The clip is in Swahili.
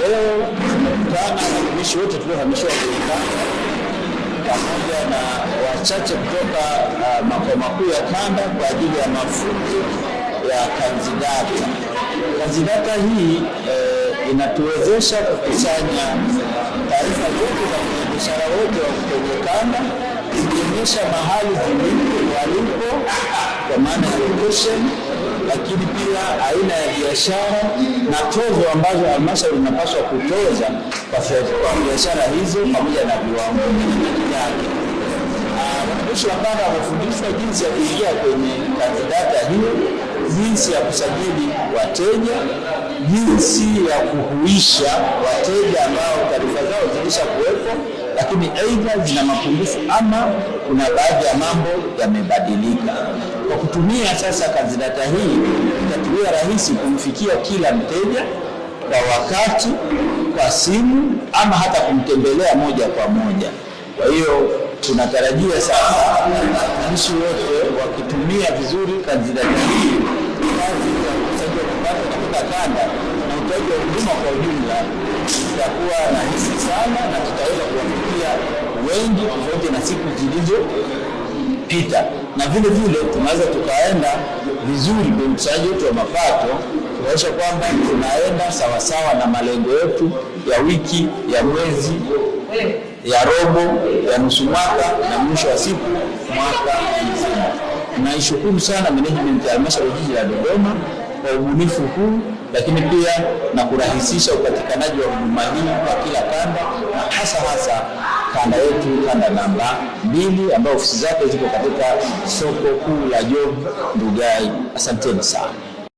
leo tumekutana na watumishi wote tuliohamishiwa Geita pamoja na wachache kutoka uh, makao makuu ya kanda kwa ajili ya mafunzo ya kanzidata. Kanzidata hii eh, inatuwezesha kukusanya taarifa zote za wafanyabiashara wote wa kwenye kanda ikionyesha mahali zilipo walipo, kwa maana location lakini pia aina ya biashara na tozo ambazo halmashauri inapaswa kutoza kwa biashara hizo pamoja na viwango vyake. Ah, Watumishi wa kanda wamefundishwa jinsi ya kuingia kwenye kandidata hiyo, jinsi ya kusajili wateja, jinsi ya kuhuisha wateja ambao taarifa zao zilisha kuwepo, lakini aidha zina mapungufu ama kuna baadhi ya mambo yamebadilika. Kwa kutumia sasa data hii itatulia rahisi kumfikia kila mteja kwa wakati, kwa simu ama hata kumtembelea moja kwa moja. Kwa hiyo tunatarajia sasa wananchi wote wakitumia vizuri kanzidata hii, kazi ya ukusanyi mapato katika kanda na utoaji wa huduma kwa ujumla itakuwa rahisi sana na tutaweza kuwafikia wengi tofauti na siku zilizo pita na vile vile tunaweza tukaenda vizuri kwenye ukusanyaji wetu wa mapato kuonyesha kwamba tunaenda sawasawa na malengo yetu ya wiki, ya mwezi, ya robo, ya nusu mwaka na mwisho wa siku mwaka mzima. Naishukuru sana management ya halmashauri jiji la Dodoma kwa ubunifu huu lakini pia na kurahisisha upatikanaji wa huduma hii kwa kila kanda na hasa hasa kanda yetu kanda namba mbili ambayo ofisi zake ziko katika soko kuu la Job Ndugai. Asanteni sana.